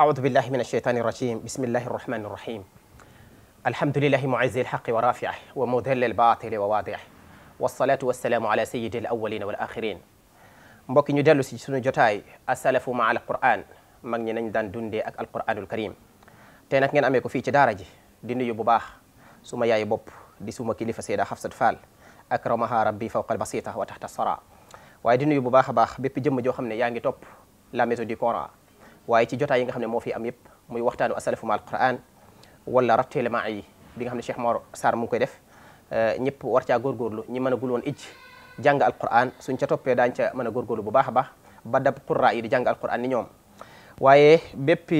أعوذ بالله من الشيطان الرجيم بسم الله الرحمن الرحيم الحمد لله معز الحق ورافعه ومذل الباطل وواضعه والصلاة والسلام على سيد الأولين والآخرين mbokk ñu dellu si suñu jotaay asalafu ma al quran mag ñi nañ daan dundee ak alquranul karim te nag ngeen amee ko fii ci daara ji di nuyu bu baax suma yaay bopp di suma kilifa Seyda Hafsat Fall akramaha rabbi fawqa albasita wa taxta sara waaye di nuyu bu baax a baax bépp jëmm joo xam ne yaa ngi topp la méthode du Coran waye ci jotay yi nga xamne mo fi am yëpp muy waxtanu asalafu ma alquran wala ratteele maa yi bi nga xamne Cheikh Mor sar mu koy def eh, ñepp war gor gorlu ñi mën a gul woon ij jàng alquran suñ ca topé dañ ca mën gor gorlu bu baax baax ba dab qurra yi di jàng alquran ni ñom waye bepp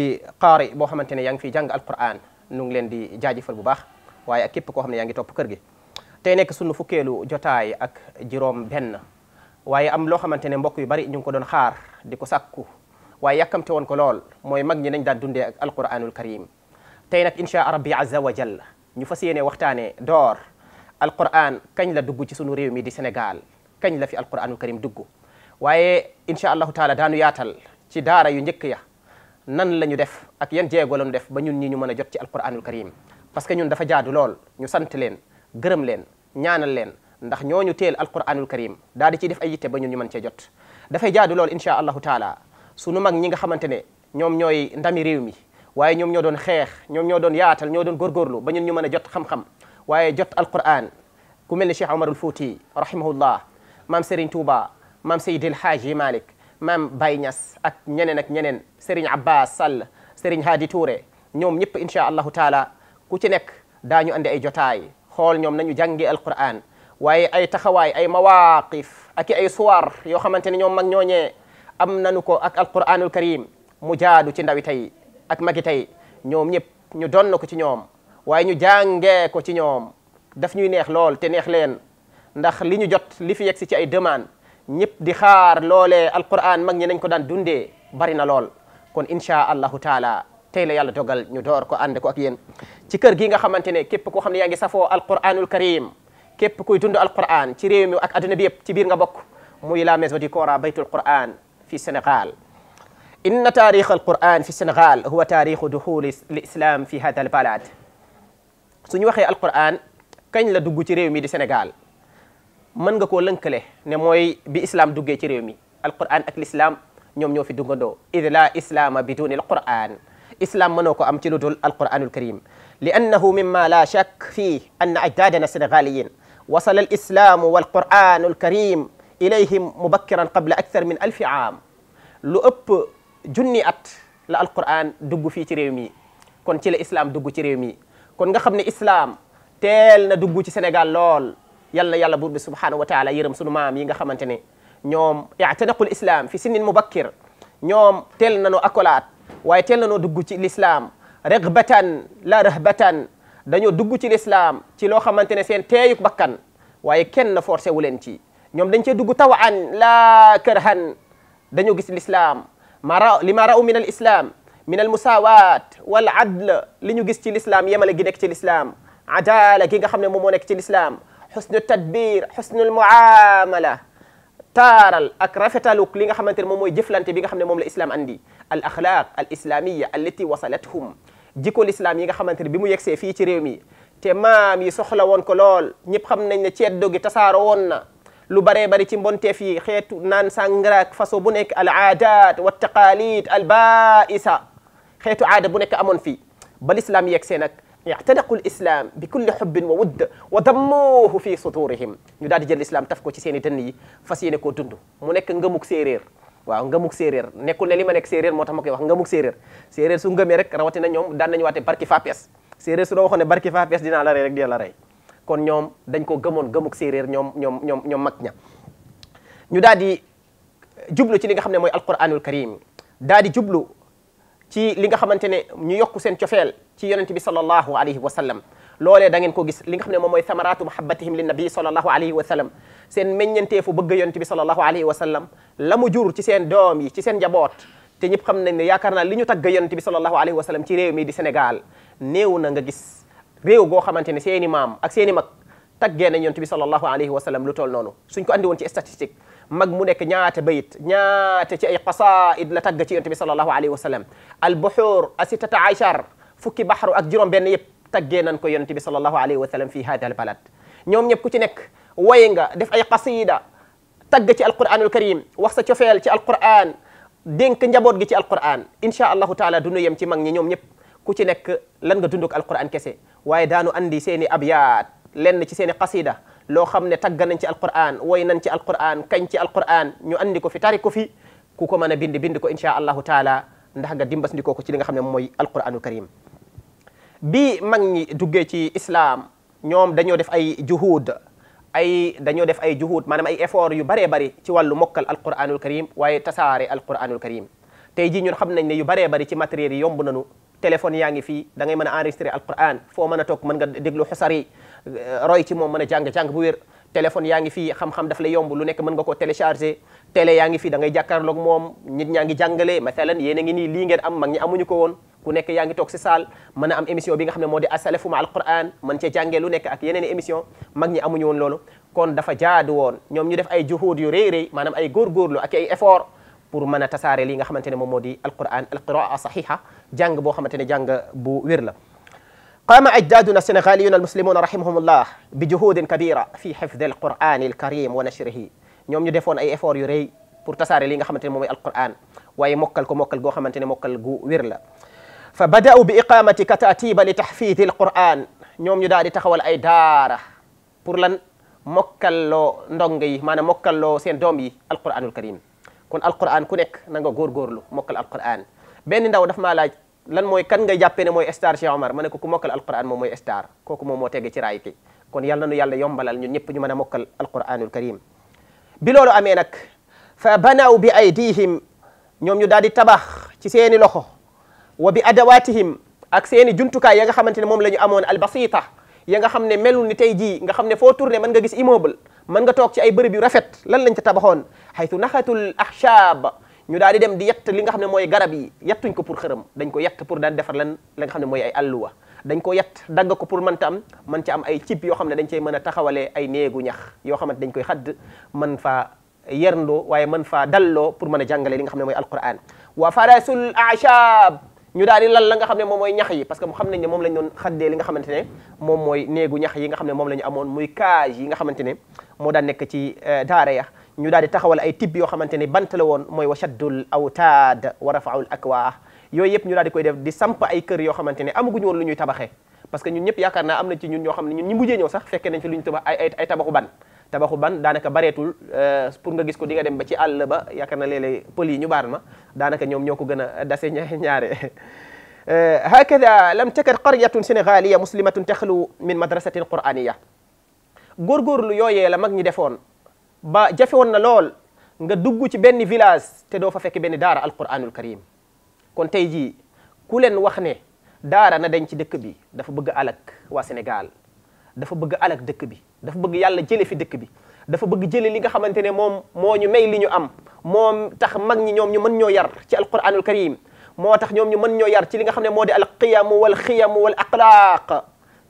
qari bo xamantene yang fi jàng alquran nu ngi len di jaajeufal bu baax waye ak kep ko xamne yang yaa ngi topp kër gi tay nek sunu fukelu jotay ak juróom ben waye am lo xamantene mbokk yu bari ñu ko doon xaar di sakku waye yàkkamte won ko lol moy mag ñi nañ daan dundé ak alquranul karim tay nak insha rabbi azza wa jalla ñu fasiyene waxtane dor door alquran kañ la dugg ci sunu rew mi di Sénégal kañ la fi alquranul karim dugg waye insha allah taala daanu yaatal ci daara yu ñeek ya nan lañu def ak yeen jéego lañu def ba ñun ñi ñu mëna jot ci alquranul karim parce que ñun dafa jaadu lol ñu sant leen gërëm leen ñaanal leen ndax ñoñu teel alquranul karim daal di ci def ay yitte ba ñun ñu mëna ci jot da fay jaadu lol insha allah taala sunu mag ñi nga xamantene ñom ñoy ndami réew mi waye ñom ñoo doon xex ñom ñoo doon yaatal ñoo doon gorgorlu ba ñun ñu mëna jot xam-xam waye jot alquran ku melni cheikh omar al Fouti rahimahullah mam Serigne Touba maam Seydil haji malik mam Baye ñass ak ñeneen ak ñeneen Serigne Abbas Sall Serigne Hadi Touré ñom ñep insha allah taala ku ci nek dañu andi ay jotay xol ñom nañu jangé alquran waye ay taxaway ay mawaqif ak ay suwar yo xamanteni ñom mag ñoñe am nanu ko ak alquranul karim mu jaadu ci ndawi tey ak magi tey ñoom ñëpp ñu doon na ko ci ñoom waaye ñu jàngee ko ci ñoom daf ñuy neex lool te neex leen ndax li ñu jot li fi yegg si ci ay demande ñëpp di xaar loolee alquran mag ñi nañ ko daan dundee bari na lool kon incha allahu taala tey la yàlla dogal ñu door ko ànd ko ak yéen ci kër gi nga xamante ne képp koo xam ne yaa ngi safoo alquranul karim képp kuy dund alquran ci réew mi ak adduna bi yëpp ci biir nga bokk muy la maison du Coran baytul quran في السنغال إن تاريخ القرآن في السنغال هو تاريخ دخول الإسلام في هذا البلد سنو وخي القرآن كان لا دوغو دي سنغال من نغاكو لنكله ني موي دوغي تي القرآن اك الإسلام نيوم نيو في دوغندو إذ لا إسلام بدون القرآن إسلام منوكو أم تلودو القرآن الكريم لأنه مما لا شك فيه أن أجدادنا السنغاليين وصل الإسلام والقرآن الكريم إليهم مبكرا قبل أكثر من ألف عام لأب جني أت لا القرآن دب في تريمي كون تيل إسلام دب تريمي كون غا خبني إسلام تيل نا دب تي سنغال لول يلا يلا بورب سبحانه وتعالى يرم سنو مام ييغا خمانتني نيوم يعتنق الإسلام في سن مبكر نيوم تيل نو أكولات واي تيل نو دب تي الإسلام رغبة لا رهبة دانيو دب تي الإسلام تي لو خمانتني سين بكن بكان واي كن فورسي ولنتي ñom dañ ci dugg tawaan la karhan dañu gis l'islam mara ra li ma min al islam min al musawat wal adl li ñu gis ci lislaam yemale gi nek ci l'islam adala gi nga xamne ne mo nek nekk ci lislaam xusnu tadbir xusnul muamala taral ak rafetaluk li nga xamante ne moy jëflante bi nga xamne mom la islam andi al akhlaq al islamiyya allati wasalathum jiko l'islam yi nga xamante bi mu yexse fi ci réew mi te mam yi soxla won ko lol ñëpp xam nañ ne ceeddo gi tasaaro won na lu baree bari ci mbonteef yi xeetu naan sàngaraak façon bu nekk al aadat wa taqalid al baisa xeetu aada bu nekk amoon fii ba lislaam yegsee nag yactadiqu lislaam bi kulli xubbin wa wudd wa dammuuhu fi sudurihim ñu daal di jël lislaam taf ko ci seen i dënn yi fas yéene koo dund mu nekk ngëmuk séeréer waaw ngëmuk séeréer nekkul ne li ma nekk séeréer moo tax ma koy wax ngëmuk séeréer séeréer su ngëmee rek rawatina ñoom daan nañu waate barki fapes séeréer su la waxoon ne barki fapes dinaa la rey rek dina la rey kon ñoom dañ ko gëmoon gëmuk séeréer ñoom ñoom ñoom ñoom mag ña ñu daal di jublu ci li nga xam ne mooy alquranul karim daal di jublu ci li nga xamante ne ñu yokku seen cofeel ci yonente bi sallallahu alayhi wa sallam loolee da ngeen ko gis li nga xam ne moom mooy thamaratu mahabbatihim lin nabi sallallahu alayhi wa sallam seen meññanteefu bëgg yonente bi sallallahu alayhi wa sallam la mu jur ci seen doom yi ci seen njaboot te ñëpp xam nañ ne yaakaar naa li ñu tagg yonente bi sallallahu alayhi wa sallam ci réew mi di Sénégal néew na nga gis réew goo xamante ne seeni maam ak seeni mag taggee nañ yonent bi sallallahu alayhi wa sallam lu toll noonu suñ ko andi woon ci statistique mag mu nekk ñaata bayit ñaata ci ay qasaid la tagg ci yonent bi sallallahu alayhi wa sallam al buxuur asitata ashar fukki baxru ak juróom benn yëpp taggee nañ ko yonent bi sallallahu alayhi wa sallam fii hada al balad ñoom ñëpp ku ci nekk way nga def ay qasida tagg ci alquranul karim wax sa cofeel ci alquran dénk njaboot gi ci alquran incha allahu taala du nu yem ci mag ñi ñoom ñëpp ku ci nekk lan nga dunduk alquran kese waaye daanu andi seeni abyaat lenn ci seeni qasida loo xam ne tagga nañ ci alquran woy nañ ci alquran kañ ci alquran ñu andi ko fi tari ko fi ku ko mën a bind bind ko insha allahu taala ndax nga dimbas ndikoo ko ci li nga xam ne mooy alquranul karim bi mag ñi duggee ci islam ñoom dañoo def ay juhud ay dañoo def ay juhud maanaam ay effort yu baree bari ci wàllu mokkal alquranul karim waaye tasaare alquranul karim tey jii ñun xam nañ ne yu baree bari ci matériel yomb nañu téléphone yaa ngi fii dangay ngay mën a enregistré alquran foo mën a toog mën nga déglu xusar yi eh, roy ci moom mën a jàng-jàng bu wér téléphone yaa ngi fii xam-xam daf lay yomb lu nekk mën nga koo téléchargé télé yaa ngi fii da ngay jàkkaarloog moom ñaa ngi jàngale mathalan yéen a ngi nii lii ngeen am mag ñi amuñu ko woon ku nekk yaa ngi toog si saal mën am émission bi nga xam ne moo di asalafu ma alquran mën cee jàngee lu nekk ak yeneen émission mag ñi amuñu woon loolu kon dafa jaadu woon ñoom ñu def ay juhud yu réy maanaam ay góorgóorlu ak ay pour mën a tasaare li nga xamante ne moom moo di alquran alqiraa saxiha jàng boo xamante ne jàng bu wér la قام أجدادنا السنغاليون المسلمون رحمهم الله بجهود كبيرة في حفظ القرآن الكريم ونشره ñoom ñu defoon ay effort yu rëy pour tasaare li nga xamante ne moom mooy alquran waaye mokkal ko mokkal goo xamante ne mokkal gu wér la fa bada'u bi iqamati katatiba li tahfidi alquran ñoom ñu daal di taxawal ay daara pour lan mokkalloo ndong yi maanaam mokkalloo seen doom yi alquranul karim kon alquran ku nekk na nga góorgóorlu mokkal alquran benn ndaw daf maa laaj lan mooy kan nga jàppee ne mooy star Cheikh Omar ma ne ko ku mokkal alquran moom mooy star kooku moom moo tegg ci raay ki kon yàlla nu yàlla yombalal ñun ñëpp ñu mën a mokkal alquranul karim bi loolu amee nag fa banaw bi aydihim ñoom ñu daal di tabax ci seeni loxo wa bi adawatihim ak seeni jumtukaay ya nga xamante ne moom la ñu amoon albasita ya nga xam ne melul ni tey jii nga xam ne foo tourné mën nga gis immeuble mën nga toog ci ay bërëb yu rafet lan lañ ca tabaxoon xaytu naxatul ñu daal dem di yett li nga xam ne mooy garab yi yettuñ ko pour xërëm dañ ko yett pour daan defar lan la nga xam ne mooy ay alluwa dañ ko yett dagg ko pour man tam mën ca am ay cib yoo xam ne dañ cey mën a taxawalee ay néegu ñax yoo xamante dañ koy xadd mën faa yerndoo waaye man faa dalloo pour mën a jàngale li nga xam ne mooy alquran wa farasul ahshab ñu daal di lal la nga xam ne moom mooy ñax yi parce que xam nañ ne moom lañ doon xaddee li nga xamante ne moom mooy néegu ñax yi nga xam ne moom la ñu amoon muy euh, ñu daal di taxawal ay tibb yoo xamante ne bant la woon mooy wa shaddul awtaad wa rafaul akwaa yooyu yëpp ñu daal di koy def di samp ay kër yoo xamante ne amaguñu woon lu ñuy tabaxee parce que ñun ñëpp yaakaar naa am na ci ñun ñoo ne ñun ñi mujjee ñëw ñu tabaxu ban tabaxu ban daanaka bareetul euh, pour nga gis ko di nga dem ba ci àll ba yaakaar na léeg-léeg yi ñu baar ma daanaka ñoom ñoo ko gën a dase ñaare euh, hakada lam takad qaryatun sénégaliya muslimatun taxlu min madrasatin quraniya góorgóorlu yooyee la mag ñi defoon ba jafe woon na lool nga dugg ci benn village te doo fa fekk benn daara alquranul karim kon tey jii ku leen wax ne daara na dañ ci dëkk bi dafa bëgg alak waa Sénégal dafa bëgg alak dëkk bi dafa bëgg yàlla jële fi dëkk bi dafa bëgg jële li nga xamante ne moom moo ñu may li ñu am moom tax mag ñi ñoom ñu mën ñoo yar ci alquranul karim moo tax ñoom ñu mën ñoo yar ci li nga xam ne moo di al qiyamu wal xiyamu wal aqlaq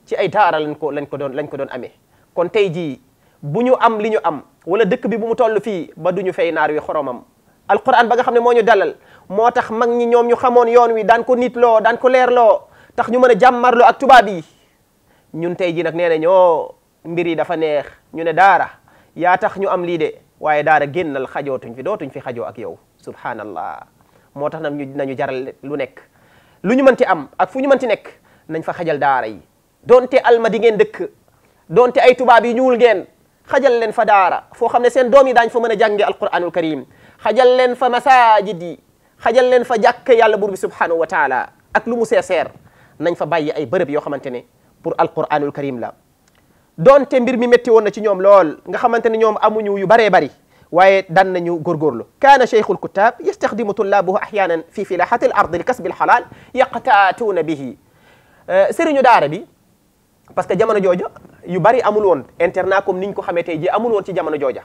ci ay taara lañ ko lañ ko doon lañ ko doon amee kon tey jii bu ñu am li ñu am wala dëkk bi bu mu toll fii ba duñu fay naar wi xoromam alquran ba nga xam ne moo ñu dalal moo tax mag ñi ñoom ñu xamoon yoon wi daan ko nit loo daan ko leer loo tax ñu mën a ak tubaab yi ñun tay ji nak nee na mbiri dafa neex ñu ne daara ya tax ñu am li de waye daara génnal xajootuñ fi dootuñ fi xajoo ak yow subhanallah motax tax ñu nañu jaral lu nekk lu ñu mënti am ak fu ñu mënti nekk nañ fa xajal daara yi donte alma di ngeen dëkk donte ay tubaab yi ñuul ngeen xajal leen fa daara fo xamne seen doomi dañ fa mëna jànge alquranul karim xajal leen fa masajid yi xajal leen fa jàkk yàlla buur bi subhanahu wa taala ak lu mu seeseer nañ fa bàyyi ay bërepp yo xamantene pour alquranul karim la donte mbir mi métti woon na ci ñom lool nga xamanteni ñom amuñu yu bare bare waye dan nañu góorgóorlu kana shaykhul kutab yastakhdimu tullabahu ahyanan fi filahati al ard li al halal yaqtaatuuna bihi serignu daara bi parce que jamono jojo yu bari amul won internat comme niñ ko xamé tay ji amul won ci jamono jojo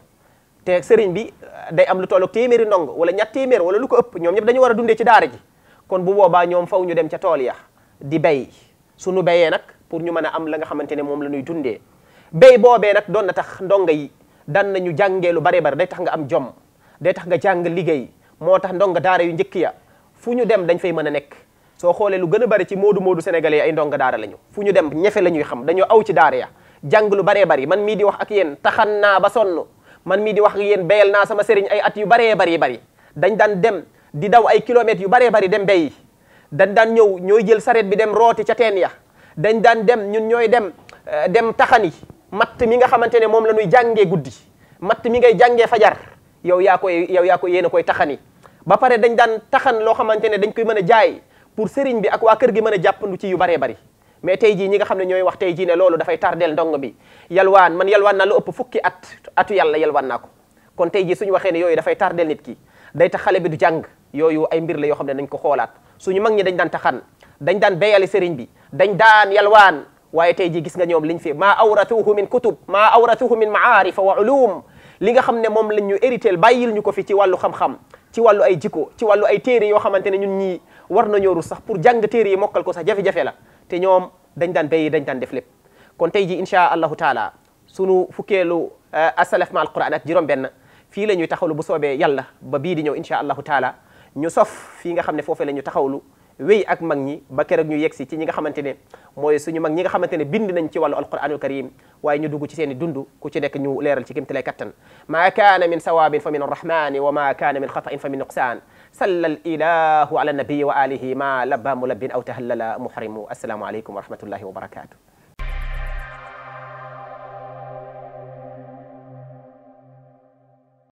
te sëriñ bi day am lu tolloog téméri ndong wala ñett témér wala lu ko ëpp ñom ñep dañu wara dundé ci daara ji kon bu boba ñom faw ñu dem ci tool ya di bay sunu bayé nak pour ñu mën a am la nga xamante ne moom la ñuy dundee béy boobee nag doon na tax ndonga yi dan na ñu jàngee lu bare bare day tax nga am jom day tax nga jàng liggéey moo tax ndonga daara yu njëkk ya fu ñu dem dañ fay mën a nekk soo xoolee lu gën a bari ci moodu moodu sénégalais yi ay ndonga daara lañu fu ñu dem ñefe la ñuy xam dañoo aw ci daara ya jàng lu baree bari man mii di wax ak yéen taxan naa ba sonn man mii di wax ak yéen béyal naa sama sëriñ ay at yu baree bari bari dañ daan dem di daw ay kilomètres yu baree bari dem béyi dañ daan ñëw ñooy jël sareet bi dem rooti ca teen ya dañ daan dem ñun ñooy dem eh, dem taxani matt mi nga xamante ne moom la ñuy jàngee guddi matt mi ngay jànge fajar yow yaa koy yow yaa koy yéen a koy taxani ba pare dañ daan taxan loo xamante ne dañ koy mën a jaay pour sëriñ bi ak waa kër gi mën a ndu ci yu baree bari mais tey ji ñi nga xam ne ñooy wax tey jii ne loolu dafay tardeel ndong bi yalwaan man yalwaan naa lu ëpp fukki at atu yàlla yalwaan naa ko kon tey ji suñu waxee ne yooyu dafay tardeel nit ki day tax xale bi du jàng yooyu ay mbir la yoo xam ne nañ ko xoolaat suñu mag ñi dañ daan taxan dañ daan béyale serigne bi dañ daan yalwaan waye tay ji gis nga ñom liñ fi ma awratuhu min kutub ma awratuhu min maarif wa ulum li nga xamne mom lañ ñu hériteel bayil ñuko fi ci walu xam xam-xam ci walu ay jiko ci walu ay téré yo xamantene ñun ñi war nañu ru sax pour jàng téré yi mokal ko sax jafe-jafe la te ñom dañ daan béyi dañ daan def lépp kon tay ji insha allah taala sunu fukelu asalaf ma alquran ak jiroom ben fi lañuy taxawlu bu sobe yàlla ba bi di ñëw insha allah taala ñu sof fi nga xamne fofé lañu taxawlu wéy ak mag ñi ba kër ak ñu yegsi ci ñi nga xamantene moy suñu mag ñi nga xamantene bind nañ ci walu alquranul karim waaye ñu dugg ci seen dundu ku ci nek ñu leral ci kimtalay katan ma kana min sawabin fa min arrahmani wa ma kana min khata'in fa min nuqsaan salla al ilahu ala nabiyi wa alihi ma labba mulabin aw tahallala muhrimu assalaamu aleykum wa rahmatullahi wa barakatuh